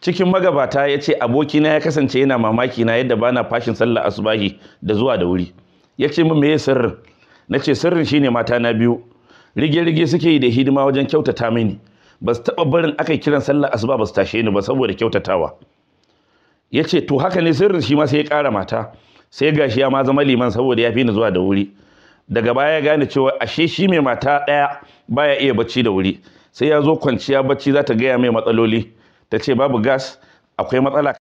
cikin magabata ya ce abokina ya kasance yana mamaki na yadda bana fashin sallah asubahi da zuwa da wuri ya ce min meye sirrin na ce sirrin shine mata na biyu rige-rige suke yi da hidima wajen kyautata mini ba su taɓa barin aka kiran sallah asuba ba su tashe ni ba saboda kyautatawa ya ce to haka ne sirrin shi ma sai ya kara mata sai gashi ya ma zama liman saboda ya fi ni zuwa da wuri daga baya ya gane cewa ashe shi mai mata ɗaya baya iya bacci da wuri sai ya zo kwanciya bacci za ta gaya mai matsaloli ta ce babu gas akwai matsala